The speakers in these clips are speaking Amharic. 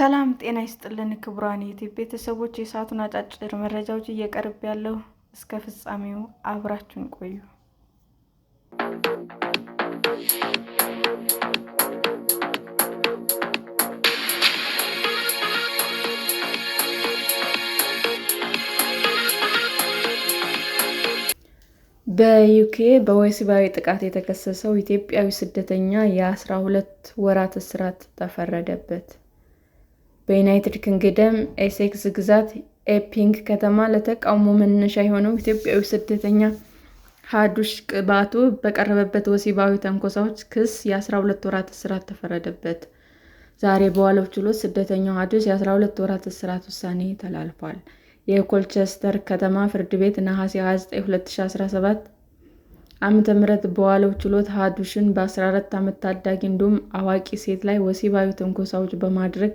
ሰላም ጤና ይስጥልን ክቡራን ዩቲዩብ ቤተሰቦች፣ የሰዓቱን አጫጭር መረጃዎች እየቀርብ ያለው እስከ ፍጻሜው አብራችሁን ቆዩ። በዩኬ በወሲባዊ ጥቃት የተከሰሰው ኢትዮጵያዊ ስደተኛ የአስራ ሁለት ወራት እስራት ተፈረደበት። በዩናይትድ ኪንግደም ኤሴክስ ግዛት ኤፒንግ ከተማ ለተቃውሞ መነሻ የሆነው ኢትዮጵያዊ ስደተኛ ሀዱሽ ቅባቱ በቀረበበት ወሲባዊ ትንኮሳዎች ክስ የ12 ወራት እስራት ተፈረደበት። ዛሬ በዋለው ችሎት ስደተኛው ሀዱሽ የ12 ወራት እስራት ውሳኔ ተላልፏል። የኮልቸስተር ከተማ ፍርድ ቤት ነሐሴ 29 2017 ዓ.ም በዋለው ችሎት ሀዱሽን በ14 ዓመት ታዳጊ እንዲሁም አዋቂ ሴት ላይ ወሲባዊ ትንኮሳዎች በማድረግ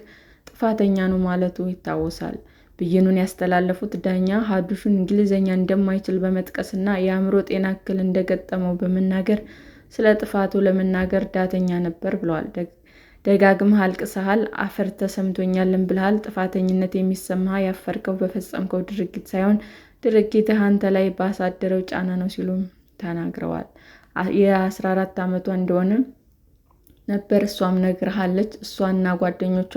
ጥፋተኛ ነው ማለቱ ይታወሳል። ብይኑን ያስተላለፉት ዳኛ ሀዱሹን እንግሊዝኛ እንደማይችል በመጥቀስ እና የአእምሮ ጤና እክል እንደገጠመው በመናገር ስለ ጥፋቱ ለመናገር ዳተኛ ነበር ብለዋል። ደጋግመህ አልቅሰሃል፣ አፈር ተሰምቶኛልን ብለሃል። ጥፋተኝነት የሚሰማህ ያፈርከው በፈጸምከው ድርጊት ሳይሆን ድርጊትህ አንተ ላይ ባሳደረው ጫና ነው ሲሉም ተናግረዋል። የ14 ዓመቷ እንደሆነ ነበር እሷም ነግረሃለች። እሷ እና ጓደኞቿ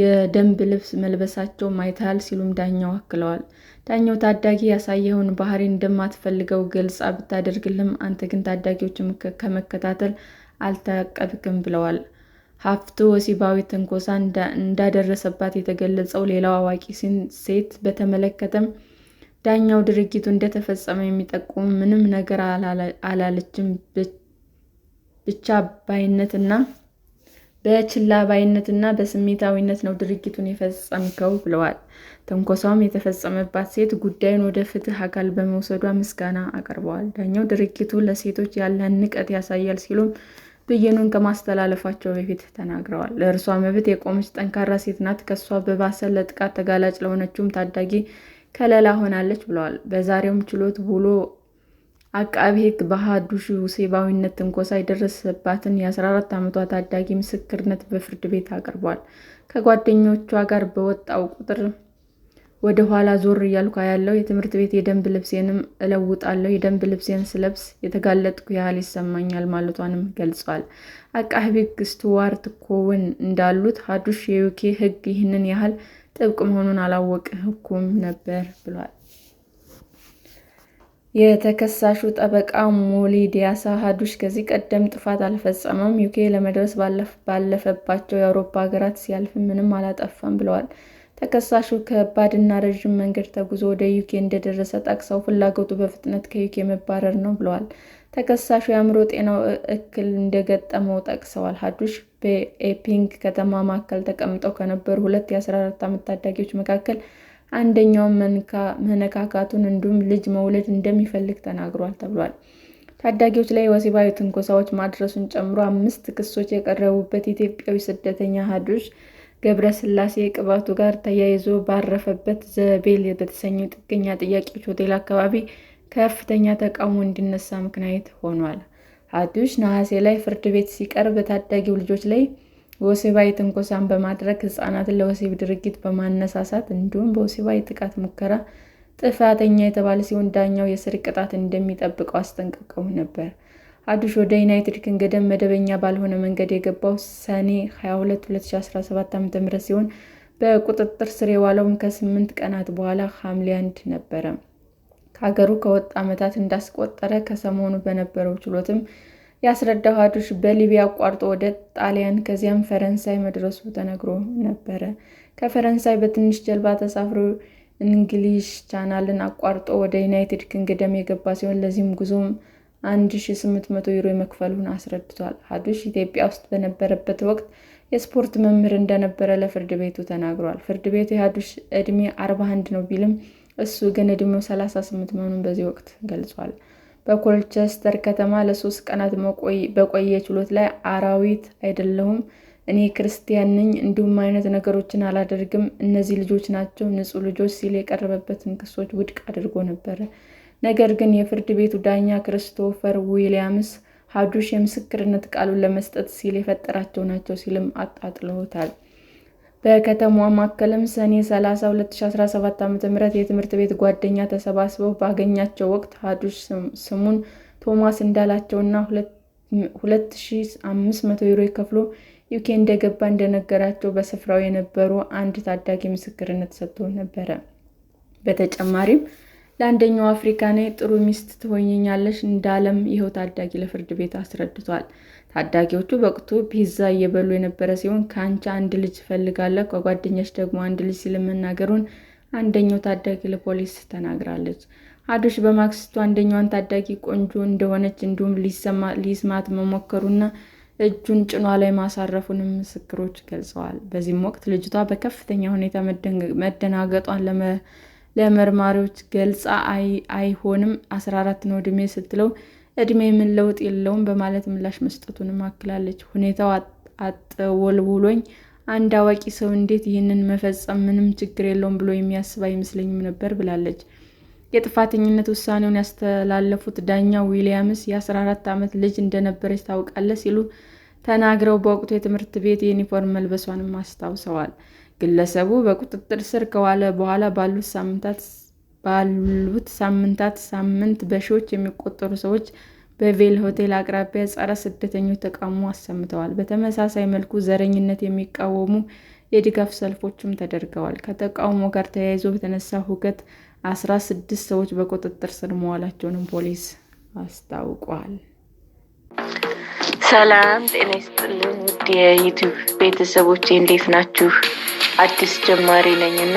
የደንብ ልብስ መልበሳቸው ማይታል ሲሉም ዳኛው አክለዋል። ዳኛው ታዳጊ ያሳየውን ባህሪ እንደማትፈልገው ገልጻ ብታደርግልም፣ አንተ ግን ታዳጊዎችን ከመከታተል አልታቀብክም ብለዋል። ሀፍቱ ወሲባዊ ትንኮሳ እንዳደረሰባት የተገለጸው ሌላው አዋቂ ሴት በተመለከተም ዳኛው ድርጊቱ እንደተፈጸመ የሚጠቁም ምንም ነገር አላለችም ብቻ ባይነት እና በችላባይነትና በስሜታዊነት ነው ድርጊቱን የፈጸምከው ብለዋል። ትንኮሳውም የተፈጸመባት ሴት ጉዳዩን ወደ ፍትህ አካል በመውሰዷ ምስጋና አቅርበዋል። ዳኛው ድርጊቱ ለሴቶች ያለህን ንቀት ያሳያል ሲሉም ብይኑን ከማስተላለፋቸው በፊት ተናግረዋል። ለእርሷ መብት የቆመች ጠንካራ ሴት ናት፣ ከእሷ በባሰ ለጥቃት ተጋላጭ ለሆነችውም ታዳጊ ከለላ ሆናለች ብለዋል። በዛሬውም ችሎት ውሎ አቃቤ ሕግ በሀዱሽ ሴባዊነት ትንኮሳ የደረሰባትን የ14 ዓመቷ ታዳጊ ምስክርነት በፍርድ ቤት አቅርቧል። ከጓደኞቿ ጋር በወጣው ቁጥር ወደ ኋላ ዞር እያልኩ ያለው የትምህርት ቤት የደንብ ልብሴንም እለውጣለሁ። የደንብ ልብሴን ስለብስ የተጋለጥኩ ያህል ይሰማኛል ማለቷንም ገልጿል። አቃቤ ሕግ ስቱዋርት ኮውን እንዳሉት ሀዱሽ የዩኬ ሕግ ይህንን ያህል ጥብቅ መሆኑን ህኩም ነበር ብሏል። የተከሳሹ ጠበቃ ሞሊ ዲያሳ ሀዱሽ ከዚህ ቀደም ጥፋት አልፈጸመም፣ ዩኬ ለመድረስ ባለፈባቸው የአውሮፓ ሀገራት ሲያልፍ ምንም አላጠፋም ብለዋል። ተከሳሹ ከባድና ረዥም መንገድ ተጉዞ ወደ ዩኬ እንደደረሰ ጠቅሰው ፍላጎቱ በፍጥነት ከዩኬ መባረር ነው ብለዋል። ተከሳሹ የአእምሮ ጤናው እክል እንደገጠመው ጠቅሰዋል። ሀዱሽ በኤፒንግ ከተማ ማዕከል ተቀምጠው ከነበሩ ሁለት የ14 ዓመት ታዳጊዎች መካከል አንደኛውን መነካካቱን እንዲሁም ልጅ መውለድ እንደሚፈልግ ተናግሯል ተብሏል። ታዳጊዎች ላይ ወሲባዊ ትንኮሳዎች ማድረሱን ጨምሮ አምስት ክሶች የቀረቡበት ኢትዮጵያዊ ስደተኛ ሀዱሽ ገብረስላሴ ቅባቱ ጋር ተያይዞ ባረፈበት ዘቤል በተሰኘው ጥገኛ ጥያቄዎች ሆቴል አካባቢ ከፍተኛ ተቃውሞ እንዲነሳ ምክንያት ሆኗል። ሀዱሽ ነሐሴ ላይ ፍርድ ቤት ሲቀርብ ታዳጊው ልጆች ላይ ወሲባዊ ትንኮሳን በማድረግ ህፃናትን ለወሲብ ድርጊት በማነሳሳት እንዲሁም በወሲባዊ ጥቃት ሙከራ ጥፋተኛ የተባለ ሲሆን ዳኛው የስር ቅጣት እንደሚጠብቀው አስጠንቅቀው ነበር። አዱሽ ወደ ዩናይትድ ኪንግደም መደበኛ ባልሆነ መንገድ የገባው ሰኔ 22 2017 ዓ.ም ሲሆን በቁጥጥር ስር የዋለውም ከስምንት ቀናት በኋላ ሐምሌ አንድ ነበረ። ከሀገሩ ከወጣ ዓመታት እንዳስቆጠረ ከሰሞኑ በነበረው ችሎትም ያስረዳው ሀዱሽ በሊቢያ አቋርጦ ወደ ጣሊያን ከዚያም ፈረንሳይ መድረሱ ተነግሮ ነበረ። ከፈረንሳይ በትንሽ ጀልባ ተሳፍሮ እንግሊሽ ቻናልን አቋርጦ ወደ ዩናይትድ ኪንግደም የገባ ሲሆን ለዚህም ጉዞም 1800 ዩሮ የመክፈሉን አስረድቷል። ሀዱሽ ኢትዮጵያ ውስጥ በነበረበት ወቅት የስፖርት መምህር እንደነበረ ለፍርድ ቤቱ ተናግሯል። ፍርድ ቤቱ የሀዱሽ ዕድሜ 41 ነው ቢልም እሱ ግን ዕድሜው 38 መሆኑን በዚህ ወቅት ገልጿል። በኮልቸስተር ከተማ ለሶስት ቀናት በቆየ ችሎት ላይ አራዊት አይደለሁም፣ እኔ ክርስቲያን ነኝ፣ እንዲሁም አይነት ነገሮችን አላደርግም፣ እነዚህ ልጆች ናቸው ንጹህ ልጆች ሲል የቀረበበትን ክሶች ውድቅ አድርጎ ነበረ። ነገር ግን የፍርድ ቤቱ ዳኛ ክርስቶፈር ዊሊያምስ ሀዱሽ የምስክርነት ቃሉን ለመስጠት ሲል የፈጠራቸው ናቸው ሲልም አጣጥለውታል። በከተማዋ ማዕከልም ሰኔ 30 2017 ዓ.ም የትምህርት ቤት ጓደኛ ተሰባስበው ባገኛቸው ወቅት ሀዱሽ ስሙን ቶማስ እንዳላቸውና 2500 ዩሮ ከፍሎ ዩኬ እንደገባ እንደነገራቸው በስፍራው የነበሩ አንድ ታዳጊ ምስክርነት ሰጥቶ ነበረ። በተጨማሪም ለአንደኛው አፍሪካዊ ጥሩ ሚስት ትሆኝኛለሽ እንዳለም ይኸው ታዳጊ ለፍርድ ቤት አስረድቷል። ታዳጊዎቹ በወቅቱ ፒዛ እየበሉ የነበረ ሲሆን ከአንቺ አንድ ልጅ እፈልጋለሁ ከጓደኛች ደግሞ አንድ ልጅ ሲል መናገሩን አንደኛው ታዳጊ ለፖሊስ ተናግራለች። አዶች በማክስቱ አንደኛዋን ታዳጊ ቆንጆ እንደሆነች እንዲሁም ሊስማት መሞከሩና እጁን ጭኗ ላይ ማሳረፉን ምስክሮች ገልጸዋል። በዚህም ወቅት ልጅቷ በከፍተኛ ሁኔታ መደናገጧን ለመርማሪዎች ገልጻ አይሆንም 14 ነው ድሜ ስትለው እድሜ ምን ለውጥ የለውም በማለት ምላሽ መስጠቱንም አክላለች። ሁኔታው አጠወልውሎኝ አንድ አዋቂ ሰው እንዴት ይህንን መፈጸም ምንም ችግር የለውም ብሎ የሚያስብ አይመስለኝም ነበር ብላለች። የጥፋተኝነት ውሳኔውን ያስተላለፉት ዳኛ ዊሊያምስ የ14 ዓመት ልጅ እንደነበረች ታውቃለ ሲሉ ተናግረው በወቅቱ የትምህርት ቤት የዩኒፎርም መልበሷንም አስታውሰዋል። ግለሰቡ በቁጥጥር ስር ከዋለ በኋላ ባሉት ሳምንታት ባሉት ሳምንታት ሳምንት በሺዎች የሚቆጠሩ ሰዎች በቬል ሆቴል አቅራቢያ ጸረ ስደተኞች ተቃውሞ አሰምተዋል። በተመሳሳይ መልኩ ዘረኝነት የሚቃወሙ የድጋፍ ሰልፎችም ተደርገዋል። ከተቃውሞ ጋር ተያይዞ በተነሳ ሁከት አስራ ስድስት ሰዎች በቁጥጥር ስር መዋላቸውንም ፖሊስ አስታውቋል። ሰላም ጤና ይስጥልን ውድ የዩቱብ ቤተሰቦች እንዴት ናችሁ? አዲስ ጀማሪ ነኝ እና